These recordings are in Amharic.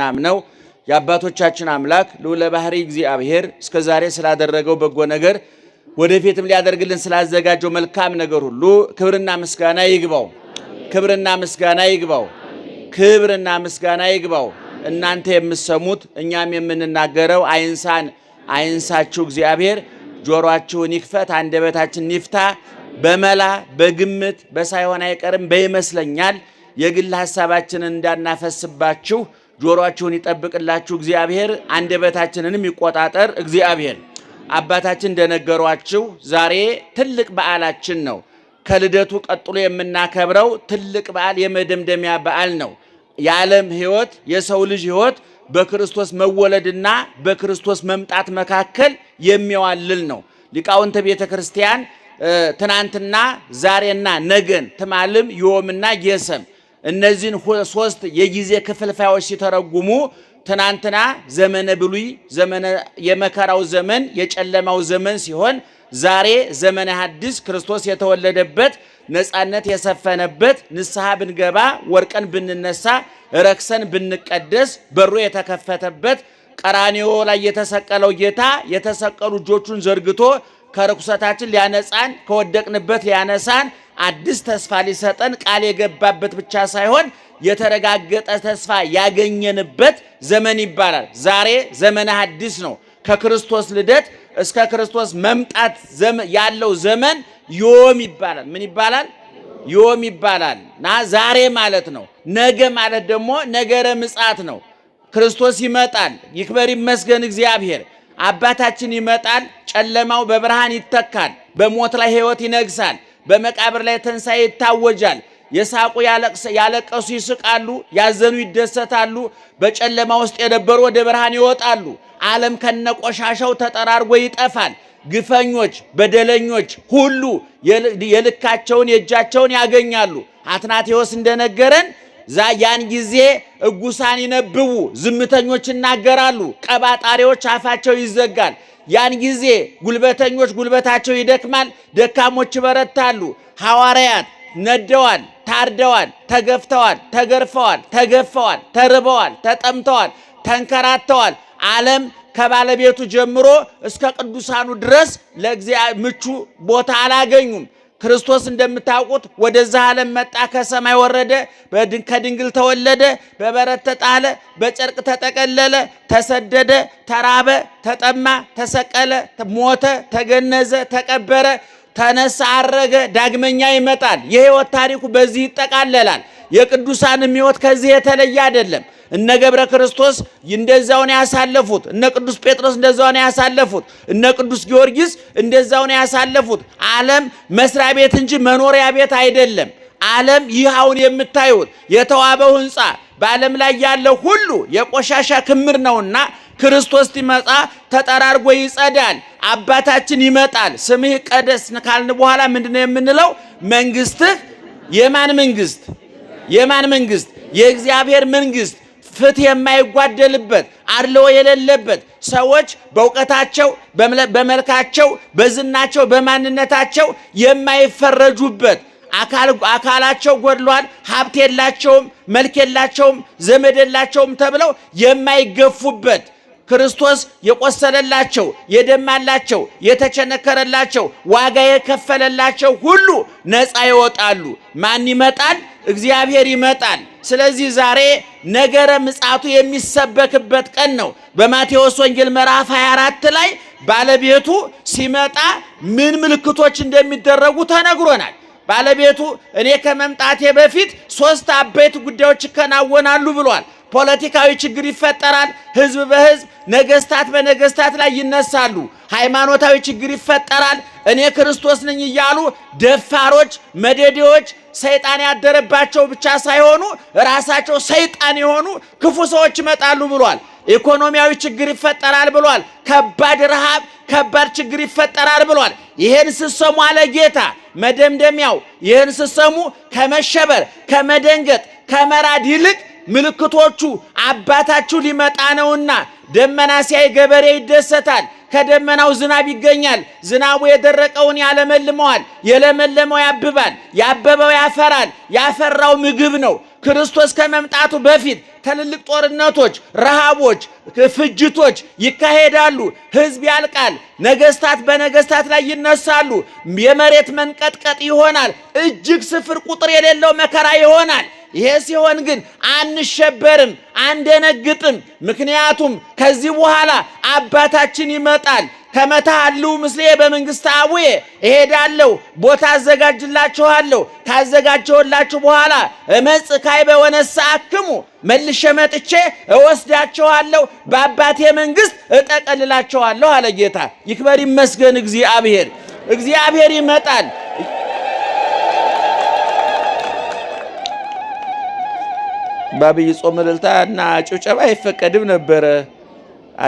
ናምነው የአባቶቻችን አምላክ ልዑለ ባህሪ እግዚአብሔር እስከዛሬ ስላደረገው በጎ ነገር ወደፊትም ሊያደርግልን ስላዘጋጀው መልካም ነገር ሁሉ ክብርና ምስጋና ይግባው። ክብርና ምስጋና ይግባው። ክብርና ምስጋና ይግባው። እናንተ የምትሰሙት እኛም የምንናገረው አይንሳን፣ አይንሳችሁ። እግዚአብሔር ጆሮአችሁን ይክፈት፣ አንደበታችን ይፍታ። በመላ በግምት በሳይሆን አይቀርም በይመስለኛል የግል ሀሳባችንን እንዳናፈስባችሁ ጆሮአችሁን ይጠብቅላችሁ እግዚአብሔር። አንደበታችንንም ይቆጣጠር እግዚአብሔር። አባታችን እንደነገሯችሁ ዛሬ ትልቅ በዓላችን ነው። ከልደቱ ቀጥሎ የምናከብረው ትልቅ በዓል የመደምደሚያ በዓል ነው። የዓለም ሕይወት የሰው ልጅ ሕይወት በክርስቶስ መወለድና በክርስቶስ መምጣት መካከል የሚያዋልል ነው። ሊቃውንተ ቤተ ክርስቲያን ትናንትና ዛሬና ነገን ትማልም ዮምና ጌሰም እነዚህን ሶስት የጊዜ ክፍልፋዮች ሲተረጉሙ ትናንትና ዘመነ ብሉይ ዘመነ የመከራው ዘመን የጨለማው ዘመን ሲሆን ዛሬ ዘመነ ሐዲስ ክርስቶስ የተወለደበት ነፃነት የሰፈነበት ንስሐ ብንገባ ወርቀን ብንነሳ ረክሰን ብንቀደስ በሩ የተከፈተበት ቀራንዮ ላይ የተሰቀለው ጌታ የተሰቀሉ እጆቹን ዘርግቶ ከርኩሰታችን ሊያነጻን ከወደቅንበት ሊያነሳን አዲስ ተስፋ ሊሰጠን ቃል የገባበት ብቻ ሳይሆን የተረጋገጠ ተስፋ ያገኘንበት ዘመን ይባላል። ዛሬ ዘመነ ሐዲስ ነው። ከክርስቶስ ልደት እስከ ክርስቶስ መምጣት ያለው ዘመን ዮም ይባላል። ምን ይባላል? ዮም ይባላል። ና ዛሬ ማለት ነው። ነገ ማለት ደግሞ ነገረ ምጻት ነው። ክርስቶስ ይመጣል። ይክበር ይመስገን እግዚአብሔር። አባታችን ይመጣል። ጨለማው በብርሃን ይተካል። በሞት ላይ ሕይወት ይነግሳል። በመቃብር ላይ ትንሣኤ ይታወጃል። የሳቁ ያለቀሱ ይስቃሉ፣ ያዘኑ ይደሰታሉ። በጨለማ ውስጥ የነበሩ ወደ ብርሃን ይወጣሉ። ዓለም ከነቆሻሻው ተጠራርጎ ይጠፋል። ግፈኞች፣ በደለኞች ሁሉ የልካቸውን የእጃቸውን ያገኛሉ። አትናቴዎስ እንደነገረን ያን ጊዜ እጉሳን ይነብቡ፣ ዝምተኞች ይናገራሉ፣ ቀባጣሪዎች አፋቸው ይዘጋል። ያን ጊዜ ጉልበተኞች ጉልበታቸው ይደክማል፣ ደካሞች ይበረታሉ። ሐዋርያት ነደዋል፣ ታርደዋል፣ ተገፍተዋል፣ ተገርፈዋል፣ ተገፈዋል፣ ተርበዋል፣ ተጠምተዋል፣ ተንከራተዋል። ዓለም ከባለቤቱ ጀምሮ እስከ ቅዱሳኑ ድረስ ለእግዚአብሔር ምቹ ቦታ አላገኙም። ክርስቶስ እንደምታውቁት ወደዛ ዓለም መጣ፣ ከሰማይ ወረደ፣ ከድንግል ተወለደ፣ በበረት ተጣለ፣ በጨርቅ ተጠቀለለ፣ ተሰደደ፣ ተራበ፣ ተጠማ፣ ተሰቀለ፣ ሞተ፣ ተገነዘ፣ ተቀበረ፣ ተነሳ፣ አረገ፣ ዳግመኛ ይመጣል። የህይወት ታሪኩ በዚህ ይጠቃለላል። የቅዱሳን ሕይወት ከዚህ የተለየ አይደለም። እነ ገብረ ክርስቶስ እንደዛውን ያሳለፉት፣ እነ ቅዱስ ጴጥሮስ እንደዛውን ያሳለፉት፣ እነ ቅዱስ ጊዮርጊስ እንደዛውን ያሳለፉት። ዓለም መስሪያ ቤት እንጂ መኖሪያ ቤት አይደለም። ዓለም ይህ አሁን የምታዩት የተዋበው ሕንፃ በዓለም ላይ ያለው ሁሉ የቆሻሻ ክምር ነውና ክርስቶስ ሲመጣ ተጠራርጎ ይጸዳል። አባታችን ይመጣል፣ ስምህ ቀደስ ካልን በኋላ ምንድነው የምንለው? መንግስትህ የማን መንግስት የማን መንግስት? የእግዚአብሔር መንግስት ፍትህ የማይጓደልበት አድልዎ የሌለበት ሰዎች በእውቀታቸው፣ በመልካቸው፣ በዝናቸው፣ በማንነታቸው የማይፈረጁበት አካላቸው ጎድሏል፣ ሀብት የላቸውም፣ መልክ የላቸውም፣ ዘመድ የላቸውም ተብለው የማይገፉበት ክርስቶስ የቆሰለላቸው የደማላቸው የተቸነከረላቸው ዋጋ የከፈለላቸው ሁሉ ነፃ ይወጣሉ። ማን ይመጣል? እግዚአብሔር ይመጣል። ስለዚህ ዛሬ ነገረ ምጽአቱ የሚሰበክበት ቀን ነው። በማቴዎስ ወንጌል ምዕራፍ 24 ላይ ባለቤቱ ሲመጣ ምን ምልክቶች እንደሚደረጉ ተነግሮናል። ባለቤቱ እኔ ከመምጣቴ በፊት ሶስት አበይት ጉዳዮች ይከናወናሉ ብሏል። ፖለቲካዊ ችግር ይፈጠራል። ህዝብ በህዝብ ነገስታት በነገስታት ላይ ይነሳሉ። ሃይማኖታዊ ችግር ይፈጠራል። እኔ ክርስቶስ ነኝ እያሉ ደፋሮች፣ መደዴዎች፣ ሰይጣን ያደረባቸው ብቻ ሳይሆኑ ራሳቸው ሰይጣን የሆኑ ክፉ ሰዎች ይመጣሉ ብሏል። ኢኮኖሚያዊ ችግር ይፈጠራል ብሏል። ከባድ ረሃብ፣ ከባድ ችግር ይፈጠራል ብሏል። ይህን ስሰሙ አለ ጌታ መደምደሚያው፣ ይህን ስሰሙ ከመሸበር ከመደንገጥ ከመራድ ይልቅ ምልክቶቹ አባታችሁ ሊመጣ ነውና ደመና ሲያይ ገበሬ ይደሰታል። ከደመናው ዝናብ ይገኛል። ዝናቡ የደረቀውን ያለመልመዋል፣ የለመለመው ያብባል፣ ያበበው ያፈራል። ያፈራው ምግብ ነው። ክርስቶስ ከመምጣቱ በፊት ትልልቅ ጦርነቶች፣ ረሃቦች፣ ፍጅቶች ይካሄዳሉ። ህዝብ ያልቃል። ነገስታት በነገስታት ላይ ይነሳሉ። የመሬት መንቀጥቀጥ ይሆናል። እጅግ ስፍር ቁጥር የሌለው መከራ ይሆናል። ይሄ ሲሆን ግን አንሸበርም፣ አንደነግጥም። ምክንያቱም ከዚህ በኋላ አባታችን ይመጣል አሉ ምስሌ በመንግስት አቡዬ እሄዳለሁ፣ ቦታ አዘጋጅላችኋለሁ። ካዘጋጀሁላችሁ በኋላ እመጽ በወነሳ አክሙ መልሼ መጥቼ እወስዳችኋለሁ፣ በአባቴ መንግሥት እጠቀልላችኋለሁ አለ ጌታ። ይክበር ይመስገን እግዚአብሔር። እግዚአብሔር ይመጣል። በአብይ ጾም እልልታ እና ጭብጨባ አይፈቀድም ነበረ።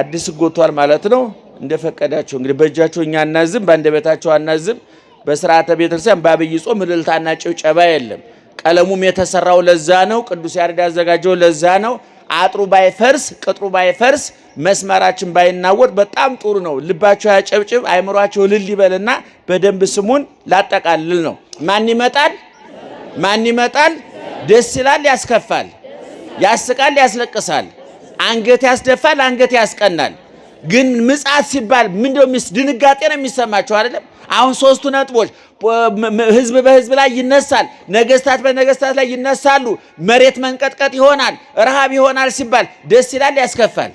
አዲስ ጎቷል ማለት ነው። እንደፈቀዳቸው እንግዲህ በእጃቸው እኛ አናዝም፣ በአንደበታቸው አናዝም። በስርዓተ ቤተክርስቲያን በአብይ ጾም እልልታና ጭብጨባ የለም። ቀለሙም የተሰራው ለዛ ነው። ቅዱስ ያሬድ ያዘጋጀው ለዛ ነው። አጥሩ ባይፈርስ ቅጥሩ ባይፈርስ መስመራችን ባይናወጥ በጣም ጥሩ ነው። ልባቸው ያጨብጭብ፣ አይምሯቸው ልል ይበልና በደንብ ስሙን ላጠቃልል ነው። ማን ይመጣል? ማን ይመጣል? ደስ ይላል፣ ያስከፋል፣ ያስቃል፣ ያስለቅሳል፣ አንገት ያስደፋል፣ አንገት ያስቀናል። ግን ምጻት ሲባል ምንድነው? ድንጋጤ ነው የሚሰማቸው አይደለም? አሁን ሶስቱ ነጥቦች ህዝብ በህዝብ ላይ ይነሳል፣ ነገስታት በነገስታት ላይ ይነሳሉ፣ መሬት መንቀጥቀጥ ይሆናል፣ ረሃብ ይሆናል ሲባል ደስ ይላል? ያስከፋል?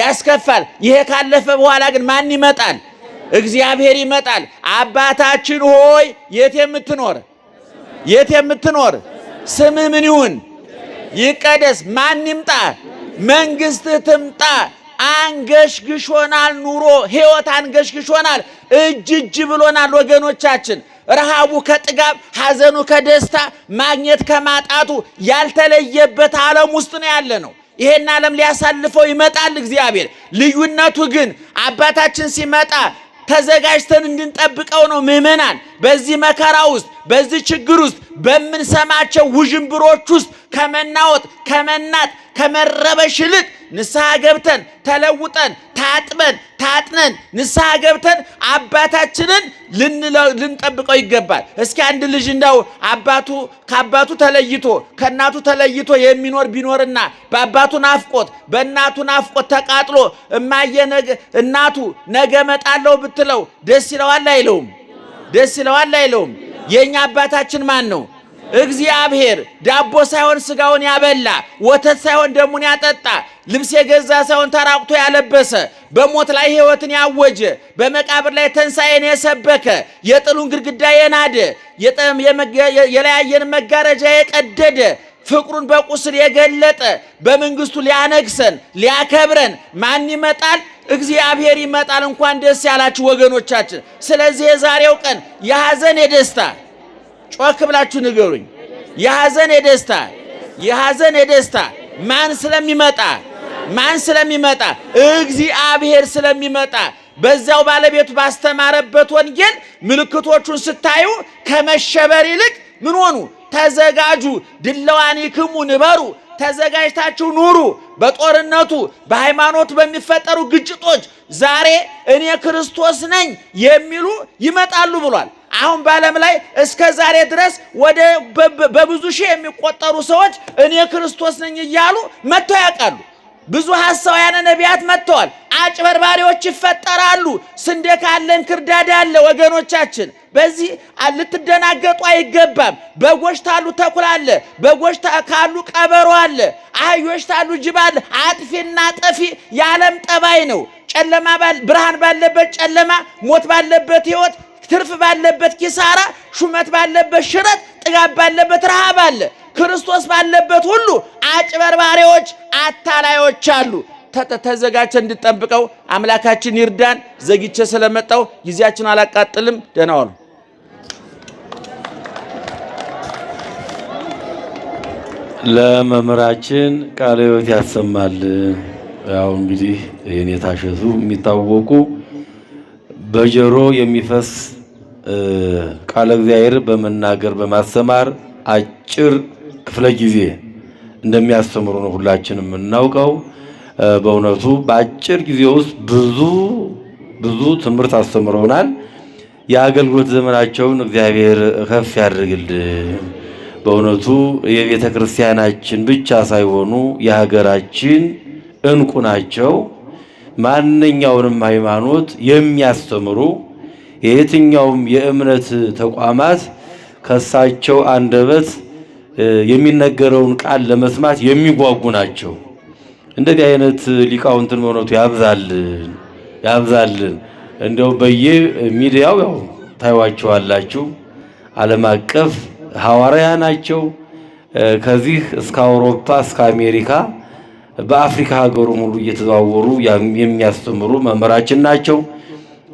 ያስከፋል። ይሄ ካለፈ በኋላ ግን ማን ይመጣል? እግዚአብሔር ይመጣል። አባታችን ሆይ የት የምትኖር የት የምትኖር ስምህ ምን ይሁን? ይቀደስ። ማን ይምጣ? መንግስትህ ትምጣ አንገሽግሾናል፣ ኑሮ ህይወት አንገሽግሾናል፣ እጅ እጅ ብሎናል ወገኖቻችን። ረሃቡ ከጥጋብ ሐዘኑ ከደስታ ማግኘት ከማጣቱ ያልተለየበት ዓለም ውስጥ ነው ያለ ነው። ይሄን ዓለም ሊያሳልፈው ይመጣል እግዚአብሔር። ልዩነቱ ግን አባታችን ሲመጣ ተዘጋጅተን እንድንጠብቀው ነው። ምዕመናን በዚህ መከራ ውስጥ በዚህ ችግር ውስጥ በምንሰማቸው ውዥንብሮች ውስጥ ከመናወጥ፣ ከመናት፣ ከመረበሽ ይልቅ ንስሐ ገብተን ተለውጠን ታጥበን ታጥነን ንስሐ ገብተን አባታችንን ልንጠብቀው ይገባል። እስኪ አንድ ልጅ እንደው አባቱ ከአባቱ ተለይቶ ከእናቱ ተለይቶ የሚኖር ቢኖርና በአባቱ ናፍቆት በእናቱ ናፍቆት ተቃጥሎ እማየ እናቱ ነገ መጣለው ብትለው ደስ ይለዋል አይለውም? ደስ ይለዋል አይለውም? የእኛ አባታችን ማን ነው? እግዚአብሔር ዳቦ ሳይሆን ስጋውን ያበላ ወተት ሳይሆን ደሙን ያጠጣ ልብስ የገዛ ሳይሆን ተራቁቶ ያለበሰ በሞት ላይ ሕይወትን ያወጀ በመቃብር ላይ ተንሳኤን የሰበከ የጥሉን ግድግዳ የናደ የለያየን መጋረጃ የቀደደ ፍቅሩን በቁስል የገለጠ በመንግስቱ ሊያነግሰን ሊያከብረን ማን ይመጣል? እግዚአብሔር ይመጣል። እንኳን ደስ ያላችሁ ወገኖቻችን። ስለዚህ የዛሬው ቀን የሐዘን የደስታ ጮክ ብላችሁ ንገሩኝ። የሐዘን የደስታ የሐዘን የደስታ ማን ስለሚመጣ ማን ስለሚመጣ እግዚአብሔር ስለሚመጣ በዛው ባለቤቱ ባስተማረበት ወንጌል ምልክቶቹን ስታዩ ከመሸበር ይልቅ ምን ሆኑ? ተዘጋጁ። ድለዋኒክሙ ንበሩ፣ ተዘጋጅታችሁ ኑሩ። በጦርነቱ በሃይማኖቱ በሚፈጠሩ ግጭቶች ዛሬ እኔ ክርስቶስ ነኝ የሚሉ ይመጣሉ ብሏል። አሁን በዓለም ላይ እስከ ዛሬ ድረስ ወደ በብዙ ሺህ የሚቆጠሩ ሰዎች እኔ ክርስቶስ ነኝ እያሉ መጥተው ያውቃሉ። ብዙ ሐሳውያን ነቢያት መጥተዋል። አጭበርባሪዎች ይፈጠራሉ። ስንዴ ካለን ክርዳዳ አለ። ወገኖቻችን በዚህ ልትደናገጡ አይገባም። በጎች ታሉ ተኩላ አለ። በጎች ካሉ ቀበሮ አለ። አህዮች ታሉ ጅብ አለ። አጥፊና ጠፊ የዓለም ጠባይ ነው። ጨለማ ብርሃን ባለበት ጨለማ፣ ሞት ባለበት ህይወት ትርፍ ባለበት ኪሳራ፣ ሹመት ባለበት ሽረት፣ ጥጋብ ባለበት ረሃብ አለ። ክርስቶስ ባለበት ሁሉ አጭበርባሪዎች፣ አታላዮች አሉ። ተዘጋጅተ እንድጠብቀው አምላካችን ይርዳን። ዘግቼ ስለመጣው ጊዜያችን አላቃጥልም። ደህና ዋሉ። ለመምህራችን ቃለ ሕይወት ያሰማል። ያው እንግዲህ የኔታ እሸቱ የሚታወቁ በጆሮ የሚፈስ ቃለ እግዚአብሔር በመናገር በማስተማር አጭር ክፍለ ጊዜ እንደሚያስተምሩ ነው ሁላችንም የምናውቀው። በእውነቱ በአጭር ጊዜ ውስጥ ብዙ ብዙ ትምህርት አስተምረውናል። የአገልግሎት ዘመናቸውን እግዚአብሔር ከፍ ያድርግልን። በእውነቱ የቤተ ክርስቲያናችን ብቻ ሳይሆኑ የሀገራችን እንቁ ናቸው። ማንኛውንም ሃይማኖት የሚያስተምሩ የየትኛውም የእምነት ተቋማት ከሳቸው አንደበት የሚነገረውን ቃል ለመስማት የሚጓጉ ናቸው። እንደዚህ አይነት ሊቃውንትን በእውነቱ ያብዛልን ያብዛልን። እንደው በየ ሚዲያው ያው ታዩዋቸዋላችሁ። ዓለም አቀፍ ሐዋርያ ናቸው። ከዚህ እስከ አውሮፓ እስከ አሜሪካ በአፍሪካ ሀገሩ ሙሉ እየተዘዋወሩ የሚያስተምሩ መምህራችን ናቸው።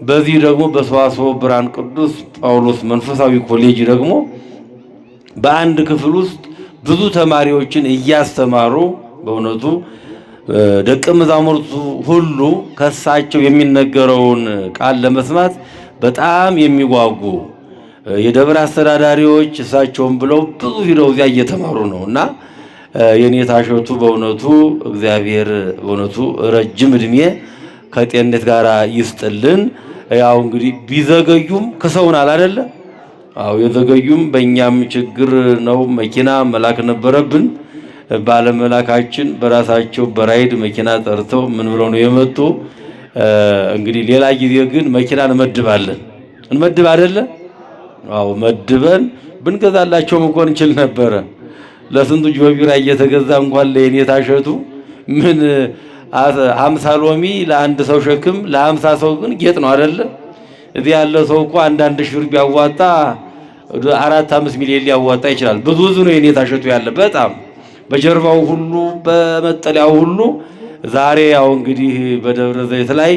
በዚህ ደግሞ በሰዋስወ ብርሃን ቅዱስ ጳውሎስ መንፈሳዊ ኮሌጅ ደግሞ በአንድ ክፍል ውስጥ ብዙ ተማሪዎችን እያስተማሩ በእውነቱ ደቀ መዛሙርቱ ሁሉ ከሳቸው የሚነገረውን ቃል ለመስማት በጣም የሚጓጉ የደብር አስተዳዳሪዎች እሳቸውን ብለው ብዙ ሂደው እዚያ እየተማሩ ነው እና የኔታ እሸቱ በእውነቱ እግዚአብሔር በእውነቱ ረጅም እድሜ ከጤንነት ጋር ይስጥልን። ያው እንግዲህ ቢዘገዩም ክሰውናል አይደለ? አው የዘገዩም በእኛም ችግር ነው። መኪና መላክ ነበረብን። ባለመላካችን በራሳቸው በራይድ መኪና ጠርተው ምን ብለው ነው የመጡ። እንግዲህ ሌላ ጊዜ ግን መኪና እንመድባለን እንመድብ አይደለ? አው መድበን ብንገዛላቸውም እንኳን እንችል ነበረ። ለስንቱ ጆቢራ እየተገዛ እንኳን ለኔታ ሸቱ ምን አምሳ ሎሚ ለአንድ ሰው ሸክም ለአምሳ ሰው ግን ጌጥ ነው አይደለ? እዚህ ያለ ሰው እኮ አንዳንድ ሺህ ብር ቢያዋጣ አራት አምስት ሚሊዮን ሊያዋጣ ይችላል። ብዙ ብዙ ነው የኔታ እሸቱ ያለ በጣም በጀርባው ሁሉ በመጠለያው ሁሉ ዛሬ ያው እንግዲህ በደብረ ዘይት ላይ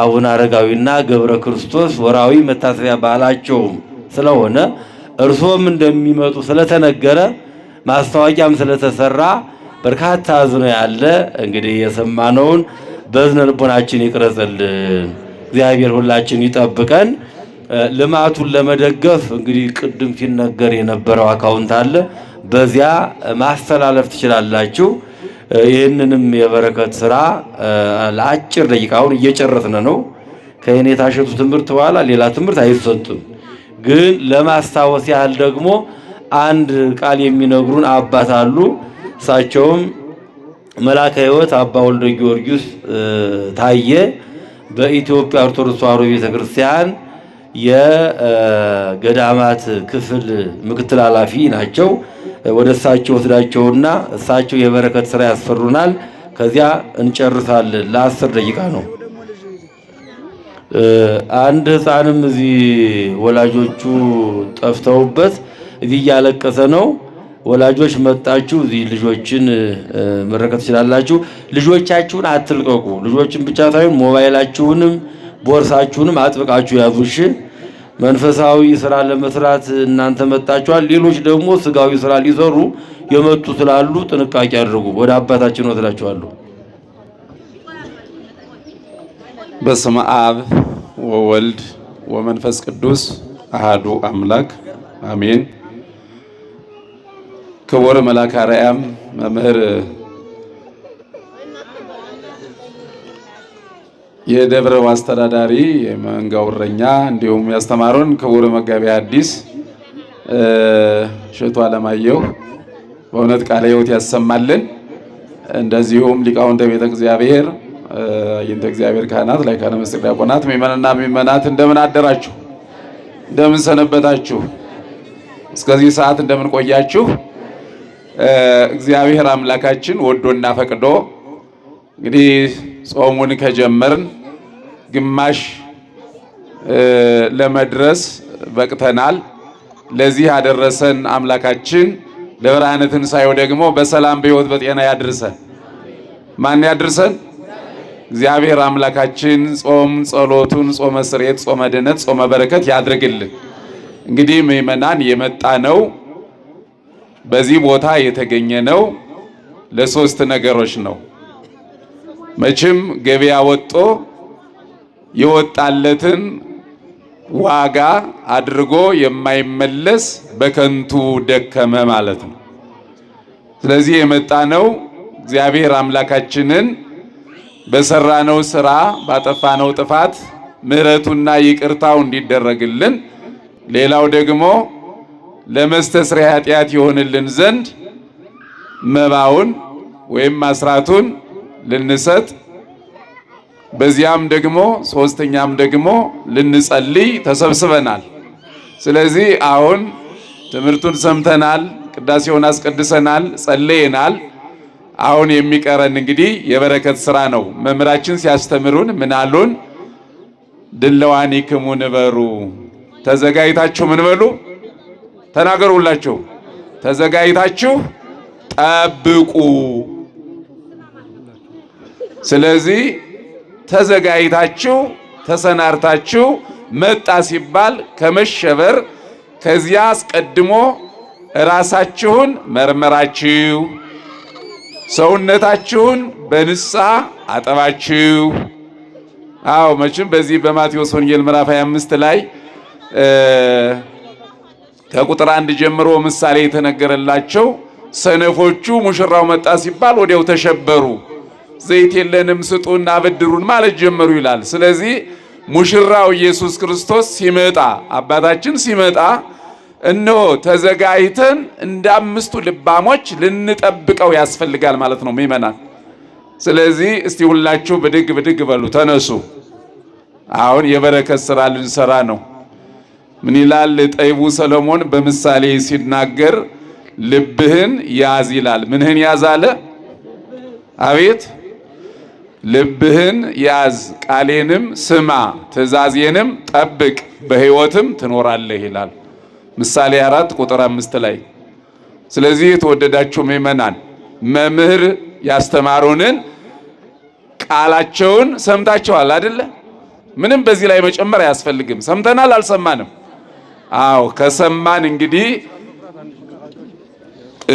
አቡነ አረጋዊና ገብረ ክርስቶስ ወራዊ መታሰቢያ በዓላቸውም ስለሆነ እርሶም እንደሚመጡ ስለተነገረ ማስታወቂያም ስለተሰራ በርካታ አዝኖ ያለ እንግዲህ የሰማነውን በዝነ ልቦናችን ይቅረጽልን። እግዚአብሔር ሁላችን ይጠብቀን። ልማቱን ለመደገፍ እንግዲህ ቅድም ሲነገር የነበረው አካውንት አለ፣ በዚያ ማስተላለፍ ትችላላችሁ። ይህንንም የበረከት ስራ ለአጭር ደቂቃ አሁን እየጨረስን ነው። ከእኔ የታሸቱ ትምህርት በኋላ ሌላ ትምህርት አይሰጡም፣ ግን ለማስታወስ ያህል ደግሞ አንድ ቃል የሚነግሩን አባት አሉ። እሳቸውም መላከ ሕይወት አባ ወልደ ጊዮርጊስ ታየ በኢትዮጵያ ኦርቶዶክስ ተዋሕዶ ቤተክርስቲያን የገዳማት ክፍል ምክትል ኃላፊ ናቸው። ወደ እሳቸው ወስዳቸውና እሳቸው የበረከት ስራ ያስፈሩናል። ከዚያ እንጨርሳለን። ለአስር ደቂቃ ነው። አንድ ሕፃንም እዚህ ወላጆቹ ጠፍተውበት እዚህ እያለቀሰ ነው። ወላጆች መጣችሁ እዚህ ልጆችን መረከት ትችላላችሁ። ልጆቻችሁን አትልቀቁ። ልጆችን ብቻ ሳይሆን ሞባይላችሁንም ቦርሳችሁንም አጥብቃችሁ ያዙሽ። መንፈሳዊ ስራ ለመስራት እናንተ መጣችኋል። ሌሎች ደግሞ ስጋዊ ስራ ሊሰሩ የመጡ ስላሉ ጥንቃቄ አድርጉ። ወደ አባታችን ነው በስመ አብ ወወልድ ወመንፈስ ቅዱስ አሃዱ አምላክ አሜን። ክቡር መልአከ አርያም መምህር የደብረው አስተዳዳሪ የመንጋው እረኛ እንዲሁም ያስተማሩን ክቡር መጋቢ አዲስ እሸቱ አለማየሁ በእውነት ቃለ ሕይወት ያሰማልን። እንደዚሁም ሊቃውንተ ቤተ እግዚአብሔር፣ አይንተ እግዚአብሔር ካህናት፣ ላይካነ ምስጢር ዲያቆናት፣ ምእመናንና ምእመናት እንደምን አደራችሁ? እንደምን ሰነበታችሁ? እስከዚህ ሰዓት እንደምን ቆያችሁ? እግዚአብሔር አምላካችን ወዶና ፈቅዶ እንግዲህ ጾሙን ከጀመርን ግማሽ ለመድረስ በቅተናል። ለዚህ ያደረሰን አምላካችን ለብርሃነ ትንሣኤው ደግሞ በሰላም በሕይወት በጤና ያድርሰን። ማን ያድርሰን? እግዚአብሔር አምላካችን ጾም ጸሎቱን፣ ጾመ ስርየት፣ ጾመ ድነት፣ ጾመ በረከት ያድርግልን። እንግዲህ ምእመናን የመጣ ነው በዚህ ቦታ የተገኘ ነው ለሶስት ነገሮች ነው። መቼም ገበያ ወጦ የወጣለትን ዋጋ አድርጎ የማይመለስ በከንቱ ደከመ ማለት ነው። ስለዚህ የመጣ ነው እግዚአብሔር አምላካችንን በሰራነው ስራ ባጠፋነው ጥፋት ምሕረቱና ይቅርታው እንዲደረግልን ሌላው ደግሞ ለመስተስሪያ ኃጢአት ይሆንልን ዘንድ መባውን ወይም አስራቱን ልንሰጥ በዚያም ደግሞ ሶስተኛም ደግሞ ልንጸልይ ተሰብስበናል። ስለዚህ አሁን ትምህርቱን ሰምተናል፣ ቅዳሴውን አስቀድሰናል፣ ጸልየናል። አሁን የሚቀረን እንግዲህ የበረከት ስራ ነው። መምህራችን ሲያስተምሩን ምናሉን ድለዋኒክሙ ንበሩ፣ ተዘጋጅታችሁ ምን በሉ ተናገሩላችሁ። ተዘጋጅታችሁ ጠብቁ። ስለዚህ ተዘጋጅታችሁ ተሰናርታችሁ መጣ ሲባል ከመሸበር ከዚያ አስቀድሞ ራሳችሁን መርመራችሁ ሰውነታችሁን በንስሐ አጠባችሁ። አዎ መቼም በዚህ በማቴዎስ ወንጌል ምዕራፍ 25 ላይ ከቁጥር አንድ ጀምሮ ምሳሌ የተነገረላቸው ሰነፎቹ ሙሽራው መጣ ሲባል ወዲያው ተሸበሩ። ዘይት የለንም ስጡና አበድሩን ማለት ጀመሩ ይላል። ስለዚህ ሙሽራው ኢየሱስ ክርስቶስ ሲመጣ አባታችን ሲመጣ እነሆ ተዘጋጅተን እንደ አምስቱ ልባሞች ልንጠብቀው ያስፈልጋል ማለት ነው ምእመናን። ስለዚህ እስቲ ሁላችሁ ብድግ ብድግ በሉ ተነሱ። አሁን የበረከት ስራ ልንሰራ ነው። ምን ይላል ጠይቡ ሰለሞን በምሳሌ ሲናገር ልብህን ያዝ ይላል። ምንህን ያዝ አለ? አቤት ልብህን ያዝ፣ ቃሌንም ስማ፣ ትእዛዜንም ጠብቅ፣ በሕይወትም ትኖራለህ ይላል ምሳሌ አራት ቁጥር አምስት ላይ። ስለዚህ የተወደዳችሁ ምእመናን መምህር ያስተማሩንን ቃላቸውን ሰምታችኋል አይደለ? ምንም በዚህ ላይ መጨመር አያስፈልግም። ሰምተናል፣ አልሰማንም አዎ ከሰማን እንግዲህ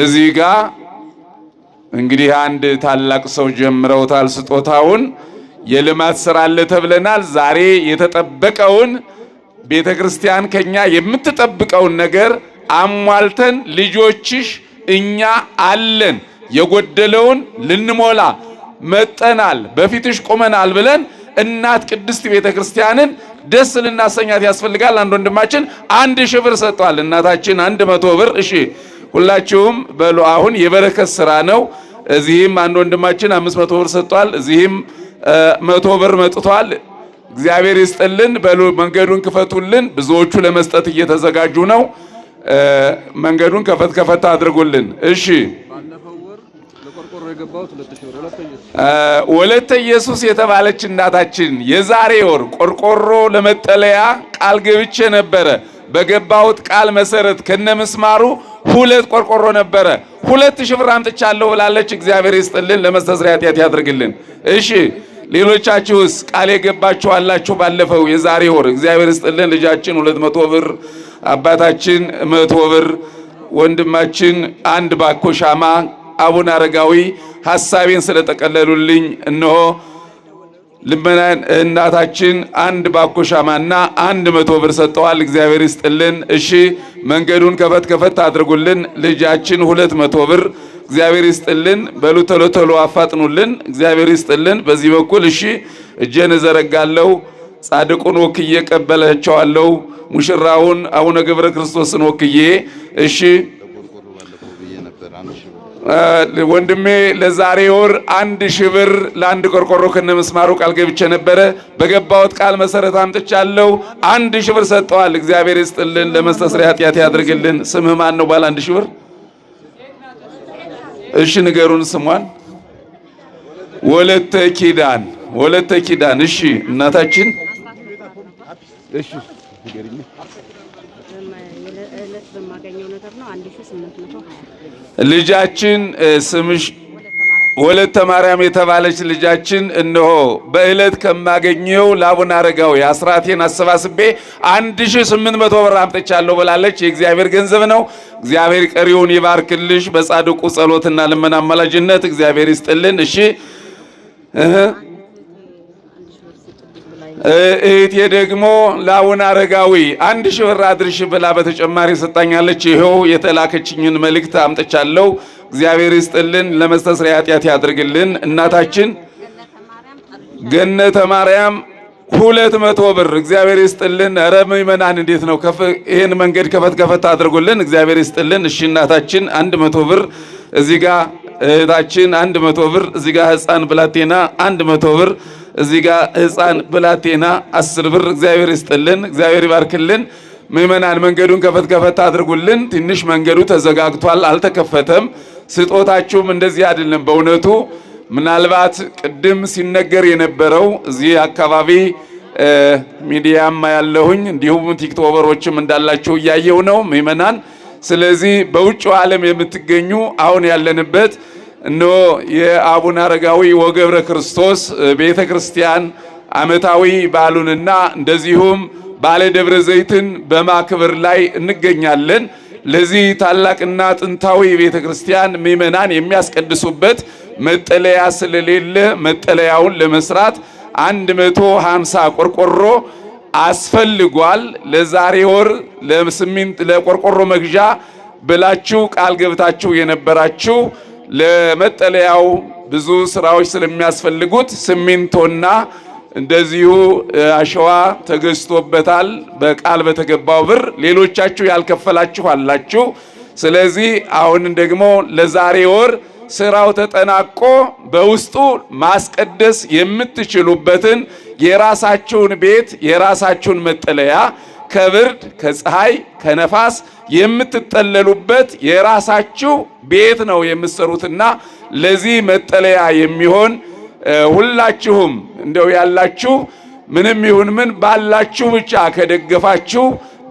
እዚህ ጋር እንግዲህ አንድ ታላቅ ሰው ጀምረውታል። ስጦታውን የልማት ስራ አለ ተብለናል። ዛሬ የተጠበቀውን ቤተ ክርስቲያን ከኛ የምትጠብቀውን ነገር አሟልተን ልጆችሽ እኛ አለን የጎደለውን ልንሞላ መጠናል በፊትሽ ቆመናል ብለን እናት ቅድስት ቤተ ክርስቲያንን ደስ ልናሰኛት ያስፈልጋል። አንድ ወንድማችን አንድ ሺህ ብር ሰጥቷል። እናታችን አንድ መቶ ብር። እሺ ሁላችሁም በሉ። አሁን የበረከት ስራ ነው። እዚህም አንድ ወንድማችን አምስት መቶ ብር ሰጥቷል። እዚህም መቶ ብር መጥቷል። እግዚአብሔር ይስጥልን። በሉ መንገዱን ክፈቱልን። ብዙዎቹ ለመስጠት እየተዘጋጁ ነው። መንገዱን ከፈት ከፈት አድርጉልን። እሺ ወለተ ኢየሱስ የተባለች እናታችን የዛሬ ወር ቆርቆሮ ለመጠለያ ቃል ገብቼ ነበረ። በገባሁት ቃል መሰረት ከነምስማሩ ሁለት ቆርቆሮ ነበረ። ሁለት ሺህ ብር አምጥቻለሁ ብላለች። እግዚአብሔር ይስጥልን፣ ለመስተስሪያ ኃጢአት ያድርግልን። እሺ ሌሎቻችሁስ ቃል የገባችሁ አላችሁ? ባለፈው የዛሬ ወር እግዚአብሔር ይስጥልን። ልጃችን ሁለት መቶ ብር፣ አባታችን መቶ ብር፣ ወንድማችን አንድ ባኮ ሻማ አቡነ አረጋዊ ሀሳቤን ስለጠቀለሉልኝ እነሆ ልመና እናታችን አንድ ባኮ ሻማና አንድ መቶ ብር ሰጠዋል። እግዚአብሔር ይስጥልን። እሺ መንገዱን ከፈት ከፈት አድርጉልን። ልጃችን ሁለት መቶ ብር እግዚአብሔር ይስጥልን። በሉ ቶሎ ቶሎ አፋጥኑልን። እግዚአብሔር ይስጥልን። በዚህ በኩል እሺ እጄን እዘረጋለሁ። ጻድቁን ወክዬ ቀበላቸዋለሁ። ሙሽራውን አቡነ ገብረ ክርስቶስን ወክዬ እሺ ወንድሜ ለዛሬ ወር አንድ ሺህ ብር ለአንድ ቆርቆሮ ከነ መስማሩ ቃል ገብቼ ነበረ። በገባሁት ቃል መሰረት አምጥቻለሁ። አንድ ሺህ ብር ሰጠዋል። እግዚአብሔር ይስጥልን፣ ለመስተስሪያ ኃጢአት ያድርግልን። ስምህ ማን ነው? ባለ አንድ ሺህ ብር እሺ፣ ንገሩን ስሟን። ወለተ ኪዳን፣ ወለተ ኪዳን። እሺ፣ እናታችን እሺ ነገር ነው ልጃችን ስምሽ ወለተ ማርያም የተባለች ልጃችን እነሆ በዕለት ከማገኘው ለአቡነ አረጋዊ አስራቴን አሰባስቤ 1800 ብር አምጥቻለሁ ብላለች። የእግዚአብሔር ገንዘብ ነው። እግዚአብሔር ቀሪውን ይባርክልሽ። በጻድቁ ጸሎትና ልመና አማላጅነት እግዚአብሔር ይስጥልን። እሺ እህቴ ደግሞ ለአቡነ አረጋዊ አንድ ሺህ ብር አድርሽ ብላ በተጨማሪ ሰጣኛለች። ይኸው የተላከችኝን መልእክት አምጥቻለሁ። እግዚአብሔር ይስጥልን፣ ለመስተስሪያ ኃጢአት ያድርግልን። እናታችን ገነተ ማርያም ሁለት መቶ ብር እግዚአብሔር ይስጥልን። ኧረ ምዕመናን እንዴት ነው ይህን መንገድ ከፈት ከፈት አድርጉልን። እግዚአብሔር ይስጥልን። እሺ እናታችን አንድ መቶ ብር እዚህ ጋ እህታችን አንድ መቶ ብር እዚህ ጋ ህፃን ብላቴና አንድ መቶ ብር እዚህ ጋር ሕፃን ብላቴና አስር ብር እግዚአብሔር ይስጥልን፣ እግዚአብሔር ይባርክልን። ምእመናን መንገዱን ከፈት ከፈት አድርጉልን። ትንሽ መንገዱ ተዘጋግቷል፣ አልተከፈተም። ስጦታችሁም እንደዚህ አይደለም። በእውነቱ ምናልባት ቅድም ሲነገር የነበረው እዚህ አካባቢ ሚዲያማ ያለሁኝ እንዲሁም ቲክቶበሮችም እንዳላችሁ እያየው ነው ምእመናን። ስለዚህ በውጭ ዓለም የምትገኙ አሁን ያለንበት እነሆ የአቡነ አረጋዊ ወገብረ ክርስቶስ ቤተ ክርስቲያን ዓመታዊ በዓሉንና እንደዚሁም ባለ ደብረ ዘይትን በማክበር ላይ እንገኛለን። ለዚህ ታላቅና ጥንታዊ ቤተ ክርስቲያን ምእመናን የሚያስቀድሱበት መጠለያ ስለሌለ መጠለያውን ለመስራት 150 ቆርቆሮ አስፈልጓል። ለዛሬ ወር ለሲሚንቶ ለቆርቆሮ መግዣ ብላችሁ ቃል ገብታችሁ የነበራችሁ ለመጠለያው ብዙ ስራዎች ስለሚያስፈልጉት ሲሚንቶና እንደዚሁ አሸዋ ተገዝቶበታል። በቃል በተገባው ብር ሌሎቻችሁ ያልከፈላችሁ አላችሁ። ስለዚህ አሁን ደግሞ ለዛሬ ወር ስራው ተጠናቆ በውስጡ ማስቀደስ የምትችሉበትን የራሳችሁን ቤት የራሳችሁን መጠለያ ከብርድ ከፀሐይ ከነፋስ የምትጠለሉበት የራሳችሁ ቤት ነው የምትሰሩትና ለዚህ መጠለያ የሚሆን ሁላችሁም እንደው ያላችሁ ምንም ይሁን ምን ባላችሁ ብቻ ከደገፋችሁ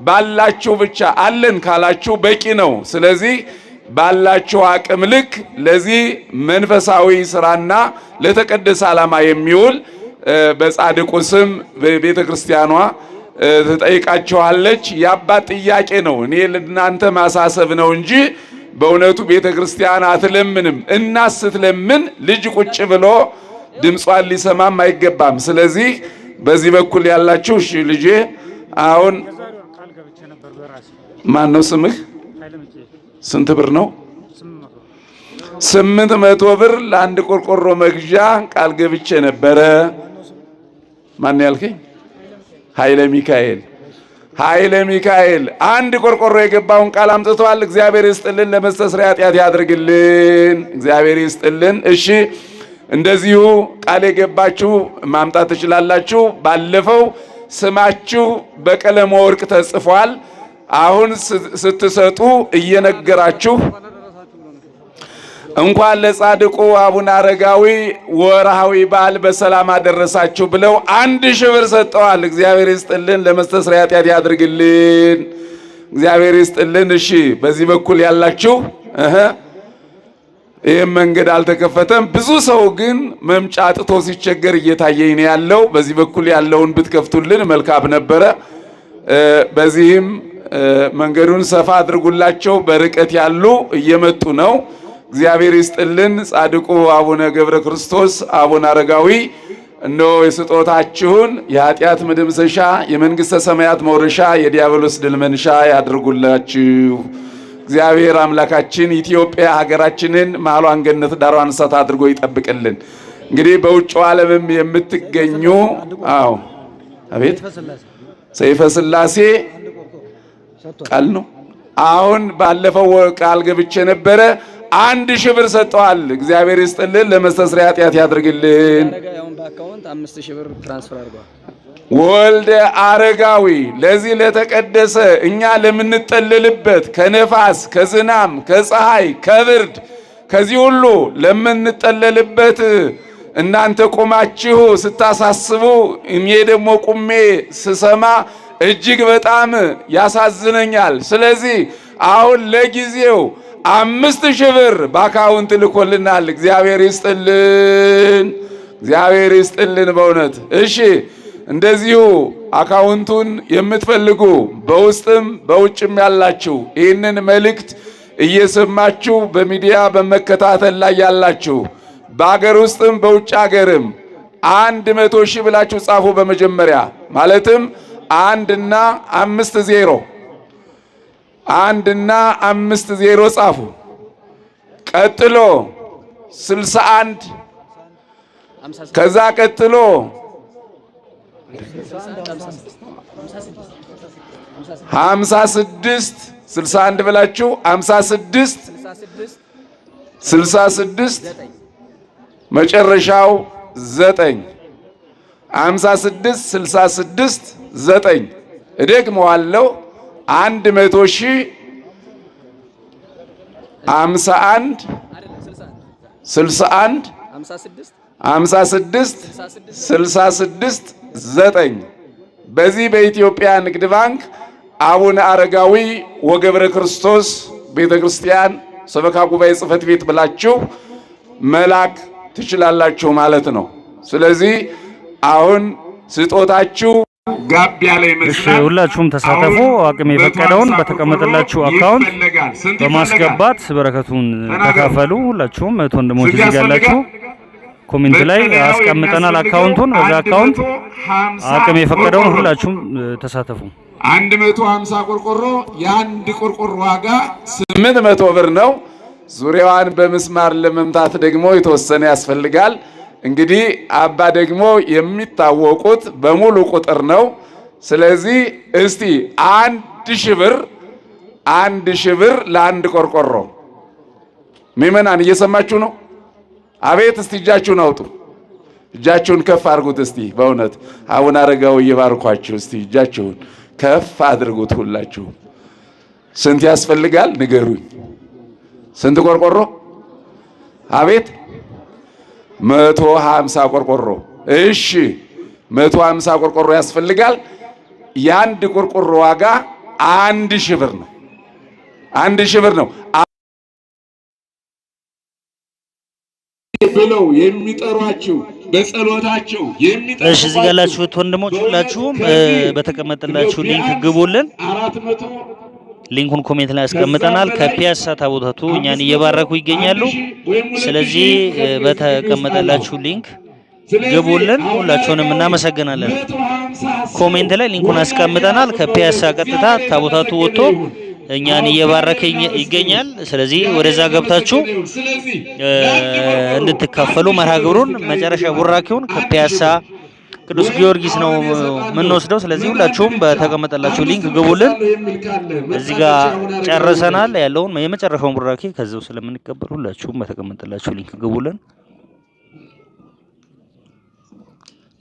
ባላችሁ ብቻ አለን ካላችሁ በቂ ነው። ስለዚህ ባላችሁ አቅም ልክ ለዚህ መንፈሳዊ ስራና ለተቀደሰ ዓላማ የሚውል በጻድቁ ስም በቤተ ክርስቲያኗ ትጠይቃቸዋለች። የአባት ጥያቄ ነው። እኔ ለእናንተ ማሳሰብ ነው እንጂ በእውነቱ ቤተ ክርስቲያን አትለምንም። እናት ስትለምን ልጅ ቁጭ ብሎ ድምጿን ሊሰማም አይገባም። ስለዚህ በዚህ በኩል ያላችሁ እሺ ልጄ፣ አሁን ማን ነው ስምህ? ስንት ብር ነው? ስምንት መቶ ብር ለአንድ ቆርቆሮ መግዣ ቃል ገብቼ ነበረ። ማን ያልከኝ? ኃይለ ሚካኤል ኃይለ ሚካኤል አንድ ቆርቆሮ የገባውን ቃል አምጥተዋል። እግዚአብሔር ይስጥልን፣ ለመስተስሪያ ኃጢአት ያድርግልን። እግዚአብሔር ይስጥልን። እሺ እንደዚሁ ቃል የገባችሁ ማምጣት ትችላላችሁ። ባለፈው ስማችሁ በቀለመ ወርቅ ተጽፏል። አሁን ስትሰጡ እየነገራችሁ እንኳን ለጻድቁ አቡነ አረጋዊ ወርሃዊ በዓል በሰላም አደረሳችሁ ብለው አንድ ሺህ ብር ሰጠዋል። እግዚአብሔር ይስጥልን፣ ለመስተስሪያ ኃጢአት ያድርግልን። እግዚአብሔር ይስጥልን። እሺ፣ በዚህ በኩል ያላችሁ ይህም መንገድ አልተከፈተም። ብዙ ሰው ግን መምጫ አጥቶ ሲቸገር እየታየኝ ነው ያለው። በዚህ በኩል ያለውን ብትከፍቱልን መልካም ነበረ። በዚህም መንገዱን ሰፋ አድርጉላቸው። በርቀት ያሉ እየመጡ ነው። እግዚአብሔር ይስጥልን። ጻድቁ አቡነ ገብረ ክርስቶስ አቡነ አረጋዊ እነሆ የስጦታችሁን የኃጢአት መደምሰሻ የመንግሥተ ሰማያት መውረሻ የዲያብሎስ ድል መንሻ ያድርጉላችሁ። እግዚአብሔር አምላካችን ኢትዮጵያ ሀገራችንን መሐሏን ገነት ዳሯን እሳት አድርጎ ይጠብቅልን። እንግዲህ በውጭው ዓለምም የምትገኙ አዎ፣ አቤት ሰይፈ ስላሴ ቃል ነው። አሁን ባለፈው ቃል ገብቼ ነበረ። አንድ ሺህ ብር ሰጠዋል። እግዚአብሔር ይስጥልን፣ ለመስተስሪያ ኃጢአት ያድርግልን። ወልደ አረጋዊ ለዚህ ለተቀደሰ እኛ ለምንጠልልበት ከነፋስ ከዝናም ከፀሐይ ከብርድ ከዚህ ሁሉ ለምንጠለልበት እናንተ ቆማችሁ ስታሳስቡ እኔ ደግሞ ቁሜ ስሰማ እጅግ በጣም ያሳዝነኛል። ስለዚህ አሁን ለጊዜው አምስት ሺህ ብር በአካውንት ልኮልናል። እግዚአብሔር ይስጥልን፣ እግዚአብሔር ይስጥልን በእውነት እሺ። እንደዚሁ አካውንቱን የምትፈልጉ በውስጥም በውጭም ያላችሁ ይህንን መልእክት እየሰማችሁ በሚዲያ በመከታተል ላይ ያላችሁ በአገር ውስጥም በውጭ አገርም አንድ መቶ ሺህ ብላችሁ ጻፉ። በመጀመሪያ ማለትም አንድና አምስት ዜሮ አንድና አምስት ዜሮ ጻፉ። ቀጥሎ ስልሳ አንድ ከዛ ቀጥሎ ሀምሳ ስድስት ስልሳ አንድ ብላችሁ ሀምሳ ስድስት ስልሳ ስድስት መጨረሻው ዘጠኝ ሀምሳ ስድስት ስልሳ ስድስት ዘጠኝ እደግመዋለሁ አንድ መቶ ሺህ አምሳ አንድ ስልሳ አንድ አምሳ ስድስት ስልሳ ስድስት ዘጠኝ በዚህ በኢትዮጵያ ንግድ ባንክ አቡነ አረጋዊ ወገብረ ክርስቶስ ቤተ ክርስቲያን ሰበካ ጉባኤ ጽሕፈት ቤት ብላችሁ መላክ ትችላላችሁ ማለት ነው። ስለዚህ አሁን ስጦታችሁ እሺ ሁላችሁም ተሳተፉ። አቅም የፈቀደውን በተቀመጠላችሁ አካውንት በማስገባት በረከቱን ተካፈሉ። ሁላችሁም እህት ወንድሞች እዚህ ያላችሁ ኮሜንት ላይ አስቀምጠናል አካውንቱን። በዛ አካውንት አቅም የፈቀደውን ሁላችሁም ተሳተፉ። 150 ቆርቆሮ የአንድ ቆርቆሮ ዋጋ 800 ብር ነው። ዙሪያዋን በምስማር ለመምታት ደግሞ የተወሰነ ያስፈልጋል። እንግዲህ አባ ደግሞ የሚታወቁት በሙሉ ቁጥር ነው። ስለዚህ እስቲ አንድ ሺህ ብር አንድ ሺህ ብር ለአንድ ቆርቆሮ ሚመናን እየሰማችሁ ነው? አቤት እስቲ እጃችሁን አውጡ። እጃችሁን ከፍ አድርጉት እስቲ። በእውነት አቡነ አረጋዊ እየባርኳችሁ እስቲ እጃችሁን ከፍ አድርጉት ሁላችሁ። ስንት ያስፈልጋል ንገሩኝ። ስንት ቆርቆሮ? አቤት መቶ ሀምሳ ቆርቆሮ እሺ፣ መቶ ሀምሳ ቆርቆሮ ያስፈልጋል። የአንድ ቆርቆሮ ዋጋ አንድ ሺህ ብር ነው። አንድ ሺህ ብር ነው ብለው የሚጠሯችሁ በጸሎታቸው የሚጠሩ እሺ፣ እዚህ ጋር ያላችሁት ወንድሞች ሁላችሁም በተቀመጠላችሁ ሊንክ ግቡልን። ሊንኩን ኮሜንት ላይ አስቀምጠናል። ከፒያሳ ታቦታቱ እኛን እየባረኩ ይገኛሉ። ስለዚህ በተቀመጠላችሁ ሊንክ ግቡልን። ሁላችሁንም እናመሰግናለን። ኮሜንት ላይ ሊንኩን አስቀምጠናል። ከፒያሳ ቀጥታ ታቦታቱ ወጥቶ እኛን እየባረከ ይገኛል። ስለዚህ ወደዛ ገብታችሁ እንድትካፈሉ መርሃ ግብሩን መጨረሻ ቡራኪውን ከፒያሳ ቅዱስ ጊዮርጊስ ነው የምንወስደው። ስለዚህ ሁላችሁም በተቀመጠላችሁ ሊንክ ግቡልን። እዚህ ጋር ጨርሰናል ያለውን የመጨረሻውን ቡራኬ ከዚው ስለምንቀበል ሁላችሁም በተቀመጠላችሁ ሊንክ ግቡልን።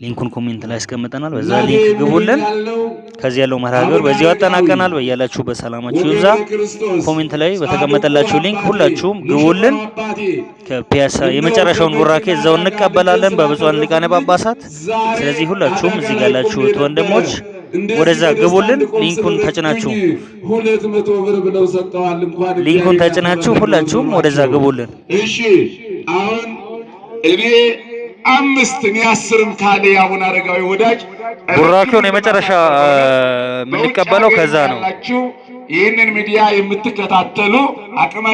ሊንኩን ኮሜንት ላይ አስቀምጠናል። በዛ ሊንክ ግቡልን። ከዚህ ያለው መርሃ ግብር በዚህ አጠናቀናል። በያላችሁ በሰላማችሁ ይብዛ። ኮሜንት ላይ በተቀመጠላችሁ ሊንክ ሁላችሁም ግቡልን። ከፒያሳ የመጨረሻውን ቡራኬ እዛው እንቀበላለን በብፁዓን ሊቃነ ጳጳሳት። ስለዚህ ሁላችሁም እዚህ ያላችሁት ወንድሞች ወደዛ ግቡልን። ሊንኩን ተጭናችሁ ሊንኩን ተጭናችሁ ሁላችሁም ወደዛ ግቡልን። እሺ አሁን እኔ አምስት እኔ አስርም ካለ የአቡነ አረጋዊ ወዳጅ ቡራኪውን የመጨረሻ የምንቀበለው ከዛ ነው። ይህንን ሚዲያ የምትከታተሉ አቅማችሁ